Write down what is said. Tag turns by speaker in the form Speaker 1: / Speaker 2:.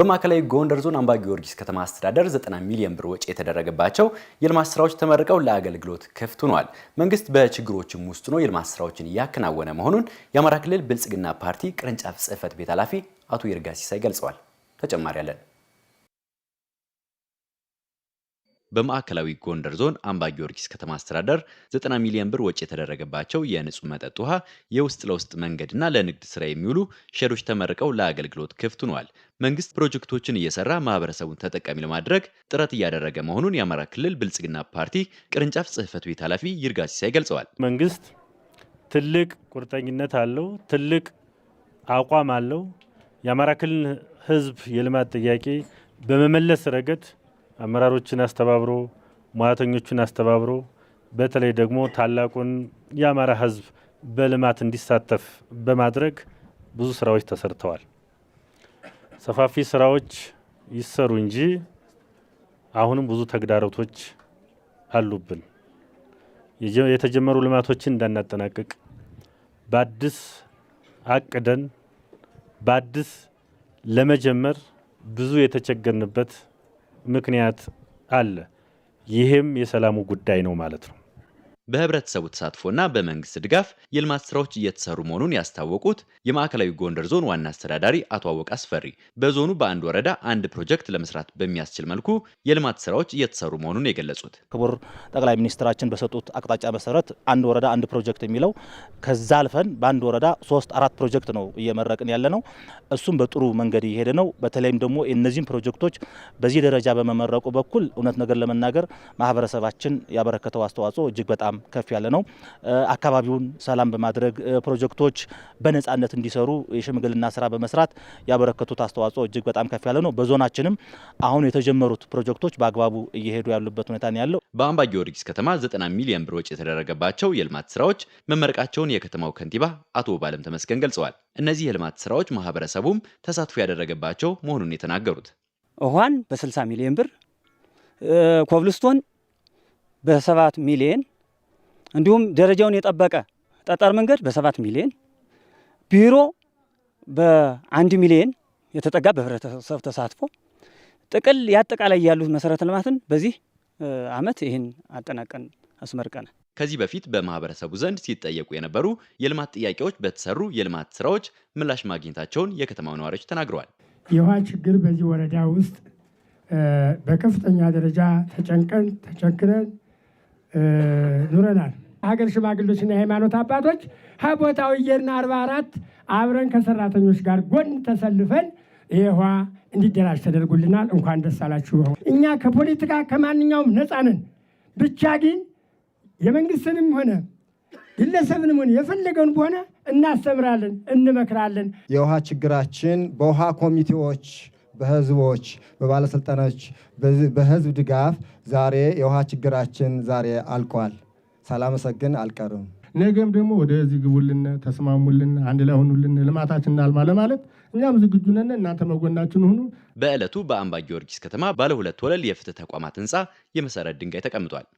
Speaker 1: በማዕከላዊ ጎንደር ዞን አምባ ጊዮርጊስ ከተማ አስተዳደር 90 ሚሊዮን ብር ወጪ የተደረገባቸው የልማት ስራዎች ተመርቀው ለአገልግሎት ክፍት ሆኗል። መንግስት በችግሮችም ውስጥ ነው የልማት ስራዎችን እያከናወነ መሆኑን የአማራ ክልል ብልጽግና ፓርቲ ቅርንጫፍ ጽህፈት ቤት ኃላፊ አቶ ይርጋ ሲሳይ ገልጸዋል። ተጨማሪ አለን በማዕከላዊ ጎንደር ዞን አምባ ጊዮርጊስ ከተማ አስተዳደር 90 ሚሊዮን ብር ወጪ የተደረገባቸው የንጹህ መጠጥ ውሃ፣ የውስጥ ለውስጥ መንገድና ለንግድ ስራ የሚውሉ ሼዶች ተመርቀው ለአገልግሎት ክፍት ሆነዋል። መንግስት ፕሮጀክቶችን እየሰራ ማህበረሰቡን ተጠቃሚ ለማድረግ ጥረት እያደረገ መሆኑን የአማራ ክልል ብልጽግና ፓርቲ ቅርንጫፍ ጽህፈት ቤት ኃላፊ ይርጋ ሲሳይ ገልጸዋል።
Speaker 2: መንግስት ትልቅ ቁርጠኝነት አለው፣ ትልቅ አቋም አለው። የአማራ ክልል ህዝብ የልማት ጥያቄ በመመለስ ረገድ አመራሮችን አስተባብሮ ሙያተኞቹን አስተባብሮ በተለይ ደግሞ ታላቁን የአማራ ህዝብ በልማት እንዲሳተፍ በማድረግ ብዙ ስራዎች ተሰርተዋል። ሰፋፊ ስራዎች ይሰሩ እንጂ አሁንም ብዙ ተግዳሮቶች አሉብን። የተጀመሩ ልማቶችን እንዳናጠናቅቅ በአዲስ አቅደን በአዲስ ለመጀመር ብዙ የተቸገርንበት ምክንያት አለ። ይህም የሰላሙ ጉዳይ ነው ማለት ነው።
Speaker 1: በህብረተሰቡ ተሳትፎና በመንግስት ድጋፍ የልማት ስራዎች እየተሰሩ መሆኑን ያስታወቁት የማዕከላዊ ጎንደር ዞን ዋና አስተዳዳሪ አቶ አወቅ አስፈሪ በዞኑ በአንድ ወረዳ አንድ ፕሮጀክት ለመስራት በሚያስችል መልኩ የልማት ስራዎች እየተሰሩ መሆኑን የገለጹት
Speaker 3: ክቡር ጠቅላይ ሚኒስትራችን በሰጡት አቅጣጫ መሰረት አንድ ወረዳ አንድ ፕሮጀክት የሚለው ከዛ አልፈን በአንድ ወረዳ ሶስት አራት ፕሮጀክት ነው እየመረቅን ያለ ነው። እሱም በጥሩ መንገድ እየሄደ ነው። በተለይም ደግሞ እነዚህም ፕሮጀክቶች በዚህ ደረጃ በመመረቁ በኩል እውነት ነገር ለመናገር ማህበረሰባችን ያበረከተው አስተዋጽኦ እጅግ በጣም ከፍ ያለ ነው። አካባቢውን ሰላም በማድረግ ፕሮጀክቶች በነጻነት እንዲሰሩ የሽምግልና ስራ በመስራት ያበረከቱት አስተዋጽኦ እጅግ በጣም ከፍ ያለ ነው። በዞናችንም አሁን የተጀመሩት ፕሮጀክቶች በአግባቡ እየሄዱ ያሉበት ሁኔታ ነው ያለው።
Speaker 1: በአምባ ጊዮርጊስ ከተማ 90 ሚሊዮን ብር ወጪ የተደረገባቸው የልማት ስራዎች መመረቃቸውን የከተማው ከንቲባ አቶ ባለም ተመስገን ገልጸዋል። እነዚህ የልማት ስራዎች ማህበረሰቡም ተሳትፎ ያደረገባቸው መሆኑን የተናገሩት
Speaker 4: ውሃን በ60 ሚሊዮን ብር ኮብልስቶን በ7 ሚሊዮን እንዲሁም ደረጃውን የጠበቀ ጠጠር መንገድ በሰባት ሚሊዮን ቢሮ በአንድ ሚሊዮን የተጠጋ በህብረተሰብ ተሳትፎ ጥቅል ያጠቃላይ ያሉት መሰረተ ልማትን በዚህ አመት ይህን አጠናቀን አስመርቀናል።
Speaker 1: ከዚህ በፊት በማህበረሰቡ ዘንድ ሲጠየቁ የነበሩ የልማት ጥያቄዎች በተሰሩ የልማት ስራዎች ምላሽ ማግኘታቸውን የከተማው ነዋሪዎች ተናግረዋል።
Speaker 5: የውሃ ችግር በዚህ ወረዳ ውስጥ በከፍተኛ ደረጃ ተጨንቀን ተጨንክነን ኑረናል። ሀገር ሽማግሎችና የሃይማኖት አባቶች ከቦታው እየሄድን አርባ አራት አብረን ከሰራተኞች ጋር ጎን ተሰልፈን ይህዋ እንዲደራጅ ተደርጉልናል እንኳን ደስ አላችሁ። እኛ ከፖለቲካ ከማንኛውም ነፃ ነን። ብቻ ግን የመንግስትንም ሆነ ግለሰብንም ሆነ የፈለገውን በሆነ እናስተምራለን፣ እንመክራለን።
Speaker 6: የውሃ ችግራችን በውሃ ኮሚቴዎች በህዝቦች በባለስልጣኖች በህዝብ ድጋፍ ዛሬ የውሃ ችግራችን ዛሬ አልቋል። ሳላመሰግን አልቀርም።
Speaker 7: ነገም ደግሞ ወደዚህ ግቡልን፣ ተስማሙልን፣ አንድ ላይ ሆኑልን፣ ልማታችን እናልማ ለማለት እኛም ዝግጁ ነን። እናንተ መጎናችን ሁኑ።
Speaker 1: በዕለቱ በአምባ ጊዮርጊስ ከተማ ባለ ሁለት ወለል የፍትህ ተቋማት ህንፃ የመሰረት ድንጋይ ተቀምጧል።